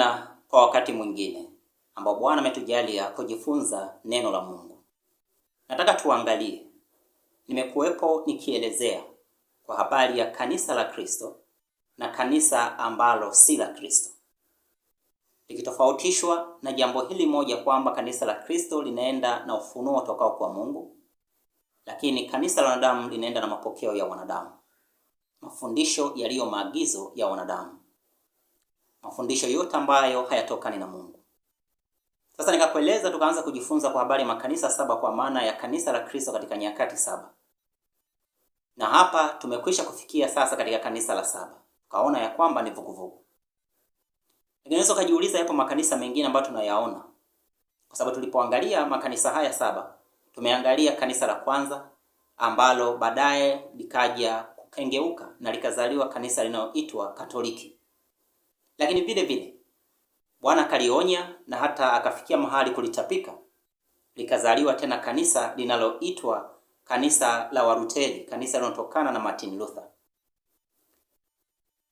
tena kwa wakati mwingine ambao Bwana ametujalia kujifunza neno la Mungu. Nataka tuangalie, nimekuwepo nikielezea kwa habari ya kanisa la Kristo na kanisa ambalo si la Kristo, likitofautishwa na jambo hili moja kwamba kanisa la Kristo linaenda na ufunuo utokao kwa Mungu, lakini kanisa la wanadamu linaenda na mapokeo ya wanadamu, mafundisho yaliyo maagizo ya wanadamu mafundisho yote ambayo hayatokani na Mungu. Sasa nikakueleza, tukaanza kujifunza kwa habari ya makanisa saba, kwa maana ya kanisa la Kristo katika nyakati saba, na hapa tumekwisha kufikia sasa katika kanisa la saba, tukaona ya kwamba ni vuguvugu. Unaweza ukajiuliza yapo makanisa mengine ambayo tunayaona, kwa sababu tulipoangalia makanisa haya saba tumeangalia kanisa la kwanza ambalo baadaye likaja kukengeuka na likazaliwa kanisa linaloitwa Katoliki. Lakini vile vile Bwana akalionya na hata akafikia mahali kulitapika, likazaliwa tena kanisa linaloitwa kanisa la Waruteli, kanisa linalotokana na Martin Luther.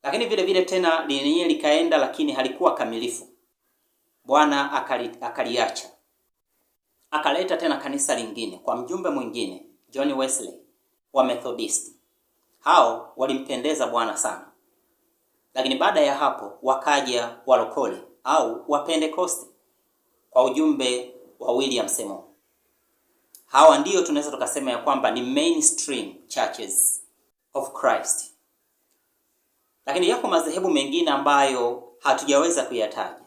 Lakini vile vile tena lenyewe likaenda, lakini halikuwa kamilifu. Bwana akali, akaliacha akaleta tena kanisa lingine kwa mjumbe mwingine John Wesley wa Methodist. Hao walimpendeza Bwana sana lakini baada ya hapo wakaja walokole au wapentekoste kwa ujumbe wa William semo Hawa ndiyo tunaweza tukasema ya kwamba ni mainstream churches of Christ, lakini yako madhehebu mengine ambayo hatujaweza kuyataja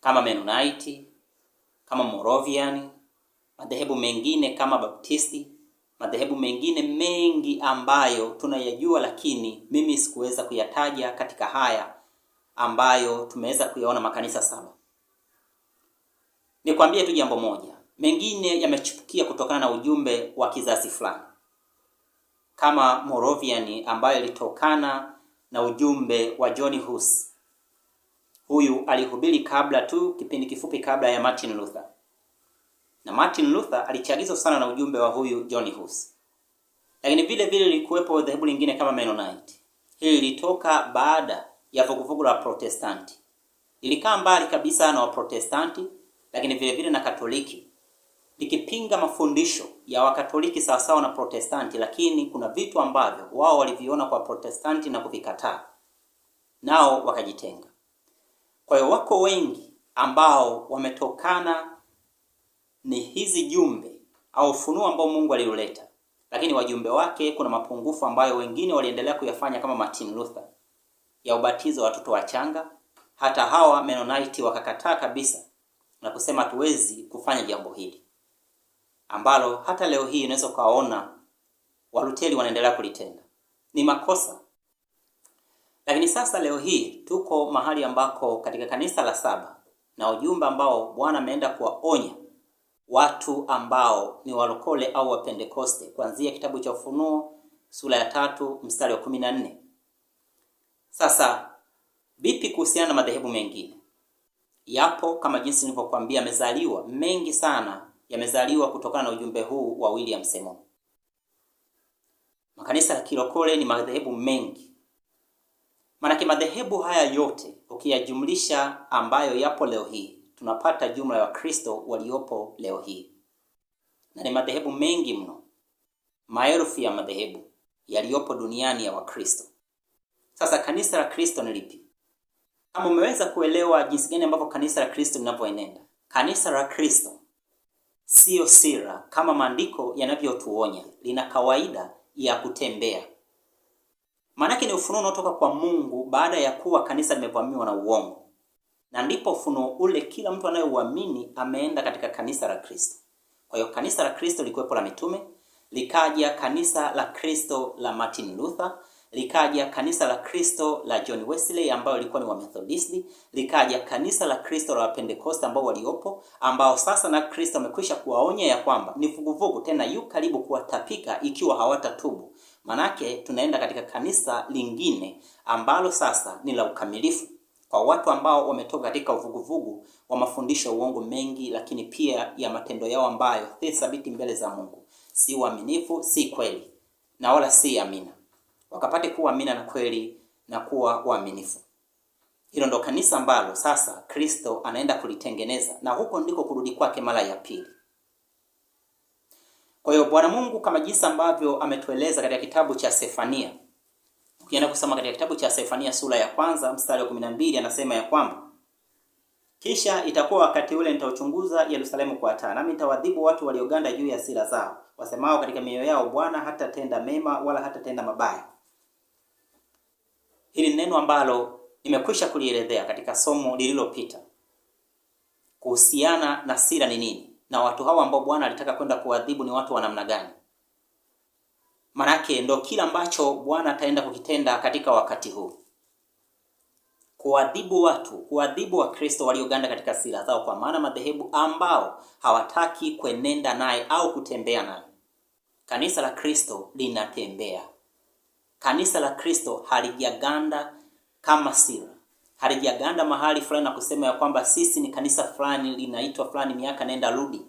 kama Mennonite, kama Moravian, madhehebu mengine kama Baptisti madhehebu mengine mengi ambayo tunayajua lakini mimi sikuweza kuyataja katika haya ambayo tumeweza kuyaona makanisa saba nikwambie tu jambo moja mengine yamechipukia kutokana na ujumbe wa kizazi fulani kama morovian ambayo ilitokana na ujumbe wa john hus huyu alihubiri kabla tu kipindi kifupi kabla ya martin luther na Martin Luther alichagizwa sana na ujumbe wa huyu John Hus. lakini vile vile lilikuwepo dhehebu lingine kama Mennonite. Hili lilitoka baada ya vuguvugu la Protestanti, ilikaa mbali kabisa na Waprotestanti, lakini vile vile na Katoliki, likipinga mafundisho ya Wakatoliki sawasawa na Protestanti, lakini kuna vitu ambavyo wao waliviona kwa Protestanti na kuvikataa, nao wakajitenga. Kwa hiyo wako wengi ambao wametokana ni hizi jumbe au ufunuo ambao Mungu aliloleta, lakini wajumbe wake kuna mapungufu ambayo wengine waliendelea kuyafanya kama Martin Luther ya ubatizo wa watoto wachanga. Hata hawa Mennonite wakakataa kabisa na kusema hatuwezi kufanya jambo hili ambalo hata leo hii unaweza ukaona Waluteli wanaendelea kulitenda. Ni makosa. Lakini sasa leo hii tuko mahali ambako katika kanisa la saba na ujumbe ambao Bwana ameenda kuwaonya watu ambao ni walokole au wapentekoste kuanzia kitabu cha Ufunuo sura ya tatu mstari wa kumi na nne. Sasa vipi kuhusiana na madhehebu mengine? Yapo kama jinsi nilivyokuambia, yamezaliwa mengi sana, yamezaliwa kutokana na ujumbe huu wa William semon Makanisa ya kilokole ni madhehebu mengi, maanake madhehebu haya yote ukiyajumlisha ambayo yapo leo hii tunapata jumla ya Wakristo waliopo leo hii, na ni madhehebu mengi mno, maelfu ya madhehebu yaliyopo duniani ya Wakristo. Sasa kanisa la Kristo ni lipi? Kama umeweza kuelewa jinsi gani ambavyo kanisa la Kristo linavyoenenda, kanisa la Kristo siyo sira kama maandiko yanavyotuonya, lina kawaida ya kutembea. Maanake ni ufunuo unaotoka kwa Mungu baada ya kuwa kanisa limevamiwa na uongo na ndipo ufunuo ule kila mtu anayeuamini ameenda katika kanisa la Kristo. Kwa hiyo kanisa la Kristo likuwepo la mitume, likaja kanisa la Kristo la Martin Luther, likaja kanisa la Kristo la John Wesley ambao lilikuwa ni Wamethodisti, likaja kanisa la Kristo la Pentecost ambao waliopo, ambao sasa na Kristo amekwisha kuwaonya ya kwamba ni vuguvugu tena yu karibu kuwatapika ikiwa hawatatubu. Manake tunaenda katika kanisa lingine ambalo sasa ni la ukamilifu kwa watu ambao wametoka katika uvuguvugu wa mafundisho ya uongo mengi, lakini pia ya matendo yao ambayo si thabiti mbele za Mungu, si uaminifu, si kweli na wala si amina, wakapate kuwa amina na kweli na kuwa waaminifu. Hilo ndo kanisa ambalo sasa Kristo anaenda kulitengeneza, na huko ndiko kurudi kwake mara ya pili. Kwa hiyo Bwana Mungu kama jinsi ambavyo ametueleza katika kitabu cha Sefania Tukienda kusoma katika kitabu cha Sefania sura ya kwanza mstari wa 12 anasema ya kwamba kisha itakuwa wakati ule nitauchunguza Yerusalemu kwa taa, nami nitawadhibu watu walioganda juu ya sira zao, wasemao katika mioyo yao, Bwana hatatenda mema wala hatatenda mabaya. Hili neno ambalo nimekwisha kulielezea katika somo lililopita kuhusiana na sira ni nini na watu hawa ambao Bwana alitaka kwenda kuadhibu ni watu wa namna gani. Manake ndo kila ambacho Bwana ataenda kukitenda katika wakati huu, kuadhibu watu, kuadhibu kristo walioganda katika sila zao, kwa maana madhehebu ambao hawataki kwenenda naye au kutembea naye. Kanisa la Kristo linatembea. Kanisa la Kristo halijaganda kama sila, halijaganda mahali fulani na kusema ya kwamba sisi ni kanisa fulani linaitwa fulani, miaka nenda rudi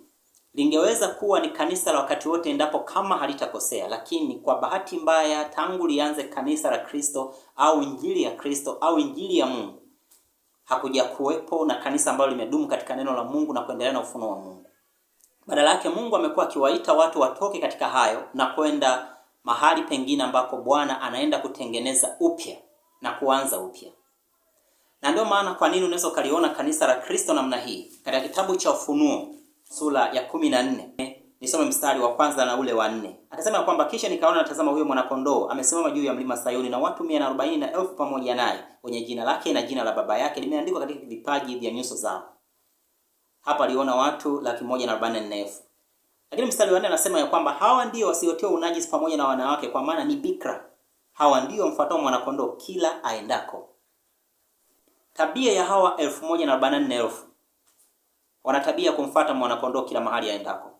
lingeweza kuwa ni kanisa la wakati wote endapo kama halitakosea, lakini kwa bahati mbaya, tangu lianze kanisa la Kristo au injili ya Kristo au injili ya Mungu, hakuja kuwepo na kanisa ambalo limedumu katika neno la Mungu na kuendelea na ufunuo wa Mungu. Badala yake, Mungu amekuwa akiwaita watu watoke katika hayo na kwenda mahali pengine ambako Bwana anaenda kutengeneza upya na kuanza upya. Na ndio maana kwa nini unaweza ukaliona kanisa la Kristo namna hii katika kitabu cha Ufunuo sura ya kumi na nne nisome mstari wa kwanza na ule wa nne. Akasema kwamba kisha nikaona natazama huyo mwanakondoo amesimama juu ya mlima Sayuni na watu mia na arobaini na elfu pamoja naye, wenye jina lake na jina la baba yake limeandikwa katika vipaji vya nyuso zao. Hapa aliona watu laki moja na arobaini na nne elfu. Lakini mstari wa nne anasema ya kwamba hawa ndio wasiotiwa unajisi pamoja na wanawake, kwa maana ni bikra. Hawa ndio mfuatao mwanakondoo kila aendako. Tabia ya hawa elfu moja na arobaini na nne elfu wana tabia ya kumfuata mwanakondoo kila mahali aendako.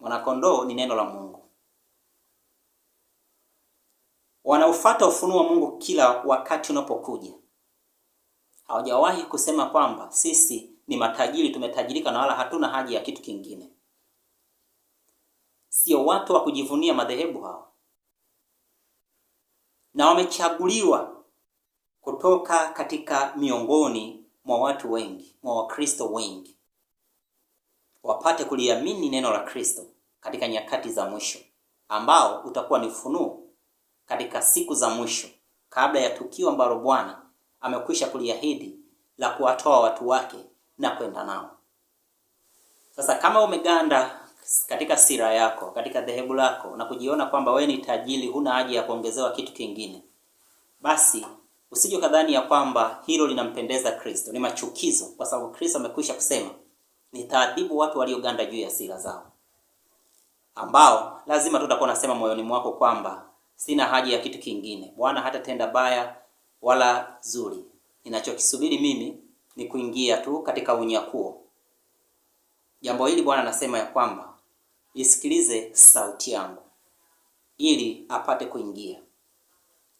Mwanakondoo ni neno la Mungu, wanaufata ufunuo wa Mungu kila wakati unapokuja. Hawajawahi kusema kwamba sisi ni matajiri, tumetajirika na wala hatuna haja ya kitu kingine. Sio watu wa kujivunia madhehebu hao, na wamechaguliwa kutoka katika miongoni mwa watu wengi, mwa Wakristo wengi wapate kuliamini neno la Kristo katika nyakati za mwisho, ambao utakuwa ni funuo katika siku za mwisho, kabla ya tukio ambalo Bwana amekwisha kuliahidi la kuwatoa watu wake na kwenda nao. Sasa kama umeganda katika sira yako, katika dhehebu lako na kujiona kwamba wewe ni tajiri, huna haja ya kuongezewa kitu kingine, basi usije kadhani ya kwamba hilo linampendeza Kristo. Ni machukizo, kwa sababu Kristo amekwisha kusema nitaadhibu watu walioganda juu ya sira zao, ambao lazima tutakuwa nasema moyoni mwako kwamba sina haja ya kitu kingine, Bwana hatatenda baya wala zuri. Ninachokisubiri mimi ni kuingia tu katika unyakuo. Jambo hili Bwana anasema ya kwamba isikilize sauti yangu ili apate kuingia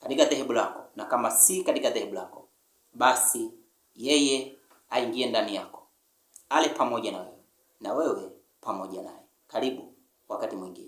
katika dhehebu lako, na kama si katika dhehebu lako, basi yeye aingie ndani yako ale pamoja na wewe na wewe pamoja naye. Karibu wakati mwingine.